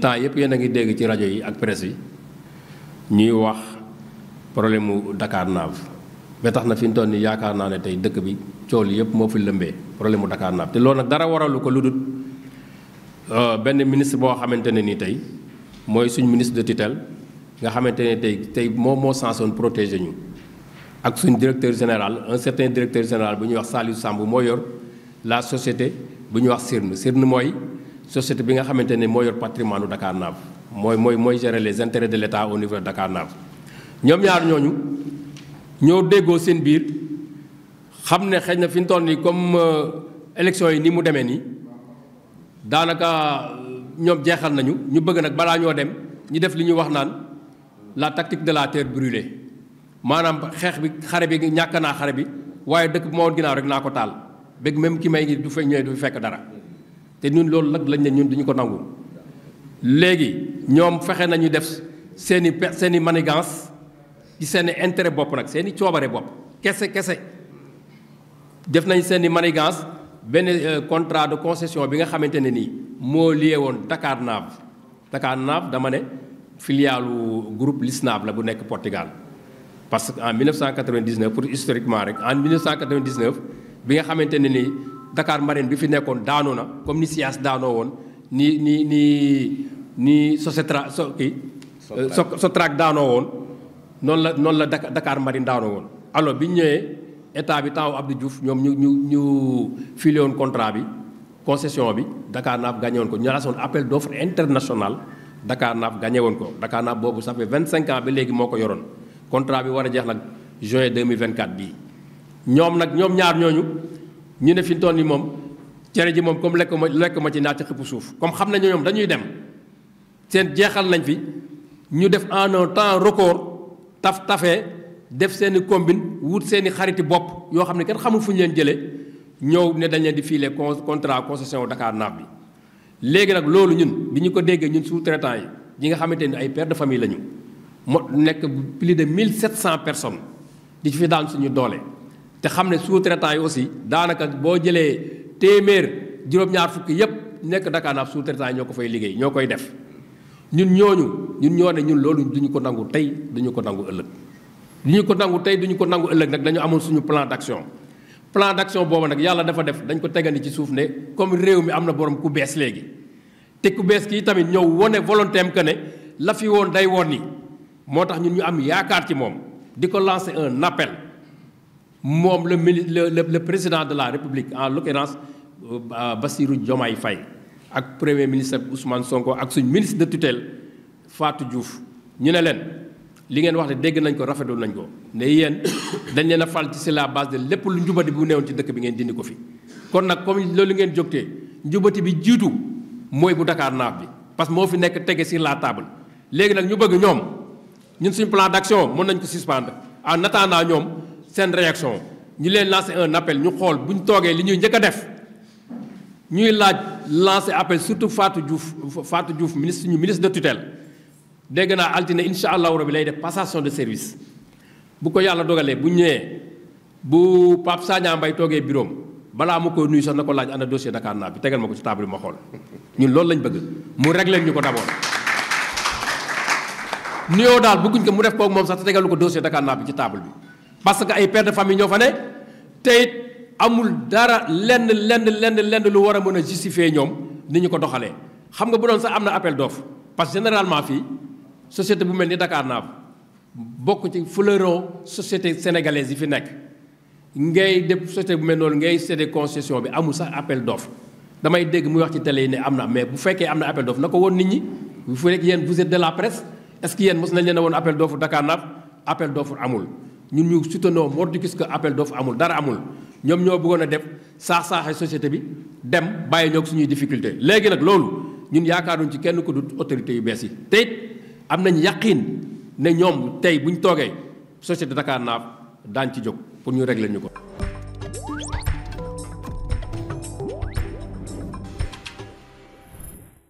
temps yëpp yéen a ngi dégg ci rajo yi ak presse yi ñuy wax problème mu Dakarnave ba tax na fi mu toll nii yaakaar naa ne tey dëkk bi cool li moo fi lëmbee problème mu Dakarnave te loolu nag dara waralu ko lu dul euh, benn ministre boo xamante ne nii tey mooy suñ ministre de tutelle nga xamante ne tey tey moom moo sansoon protéger ñu ak suñ directeur général un certain directeur général bu ñuy wax Saliou Samb moo yor. la société bu ñu wax CIRN CIRN mooy société bi nga xamante ne moo yor patrimoine u Dakarnave mooy mooy mooy gérer les intérêts de l'État au niveau de Dakarnave ñoom ñaar ñooñu ñoo déggoo seen biir xam ne xëy na fi ñu toll nii comme euh, élection yi ni mu demee nii daanaka euh, ñoom jeexal nañu ñu bëgg nag balaa ñoo dem ñu def li ñuy wax naan la tactique de la terre brûlée maanaam xeex bi xare bi ñàkk naa xare bi waaye dëkk bu ma woon ginnaaw rek naa ko taal. bëgg même ki may gi du fa ñëwee du fekk dara te ñun loolu nag lañ ne ñun duñu ko nangu léegi ñoom fexe nañu def seeni i pe seen i manigance ci seen i intérêt bopp nag seeni coobare bopp kese kese def nañ seen i manigance benn euh, contrat de concession bi nga xamante ne nii moo lié woon Dakar Nav Dakar Nav dama ne filiale groupe Lisnab la bu nekk Portugal parce que en 1999 pour historiquement rek en 1999 bi nga xamante ne ni Dakar Marine bi fi nekkoon daanu na comme ni SIAS daanoo woon ni ni nii ni Sosetra so kii Sotrac daanoo woon noonu la noonu la Dakar Marine daanoo woon alors bi ñëwee état bi temps Abdou Diouf ñoom ñu ñu ñu filé woon contrat bi concession bi Dakar naaf gagné woon ko ñu laasoon appel d'offre international Dakar naaf gagné woon ko Dakar naaf boobu ça fait vingt cinq ans ba léegi moo ko yoroon contrat bi war a jeex nag juin 2024 bii ñoom nag ñoom ñaar ñooñu ñu ne fi mu yi moom cere ji moom comme lekk ma lekk ma ci naat ci xëpp suuf comme xam nañu ñoom dañuy dem seen jeexal nañ fi ñu def en un temps record taf tafee def seen i combine wut seen i xariti bopp yoo xam ne kenn xamul fu ñu leen jëlee ñëw ne dañ leen di filer contrat concession Dakar naaf bi. léegi nag loolu ñun bi ñu ko déggee ñun sous-traitants yi ñi nga xamante ni ay père de famille lañu mo nekk plus de 1700 personnes di fi daan suñu doole. te xam ne sous-traitants yi aussi daanaka boo jëlee téeméer juróom-ñaar fukki yépp nekk Dakaar sous-traitants yi ñoo ko fay liggéey ñoo koy def ñun ñooñu ñun ñoo ne ñun loolu duñu ko nangu tey duñu ko nangu ëllëg duñu ko nangu tey duñu ko nangu ëllëg nag dañu amoon suñu plan d'action plan d'action boobu nag yàlla dafa def dañ ko tegandi ci suuf ne comme réew mi am na boroom ku bees léegi te ku bees kii tamit ñëw wone volonté am que ne la fi woon day woon ni moo tax ñun ñu am yaakaar ci moom di ko lancer un appel moom le ministre le le président de la république en l'occurrence euh, bassiru Diomaye fay ak premier ministre Ousmane Sonko ak suñu ministre de tutelle faatu Diouf ñu ne leen li ngeen wax ne dégg nañ ko rafetlu nañ ko ne yéen dañ leen a fal ci la base de lépp lu njubati bu neewoon ci dëkk bi ngeen dindi ko fi. kon nag comme loolu ngeen jógtee njubati bi jiitu mooy bu Dakar naaf bi parce que moo fi nekk tege si la table léegi nag ñu bëgg ñoom ñun suñ plan d'action mën nañ ko suspendre en ñoom. seen réaction ñu leen lancer un appel ñu xool bu ñu toogee li ñuy njëkk a def ñuy laaj lancer appel surtout Fatou Diouf Fatou juuf ministre suñu ministre de tutelle dégg naa altine incha allahu rabi lay def passation de service bu ko yàlla dogalee bu ñëwee bu Pape Sagna toogee bureau balaa ma ko nuyu sax na ko laaj ana dossier Dakar naa bi tegal ma ko ci table bi ma xool ñun loolu lañ bëgg mu régler ñu ko d'abord nuyoo daal bëgguñ ko mu def koog moom sax te ci table bi parce que ay pères de famille ñoo fa ne te it amul dara lenn lenn lenn lenn lu war a mën a justifier ñoom ni ñu ko doxalee xam nga bu doon sax am na appel d'offre parce que généralement fii société bu mel ni Dakar Naaf bokk ci fleuron société sénégalaise yi fi nekk ngay def société bu mel noonu ngay cédé concession bi amul sax appel d'offre damay dégg muy wax ci télé yi ne am na mais bu fekkee am na appel d'offre na ko woon nit ñi bu fekkee yéen vous êtes de la presse est-ce que yéen a woon appel amul. ñun ñu soutenons Mor di gis que appel doofu amul dara amul ñoom ñoo bëggoon a def saax saaxe société bi dem bàyyi ñoo su ñuy difficulté léegi nag loolu ñun yaakaaruñ ci kenn ko du autorité yu bees yi te am nañ yàqiin ne ñoom tey bu ñu toogee société Dakar naaf daan ci jóg pour ñu régler ñu ko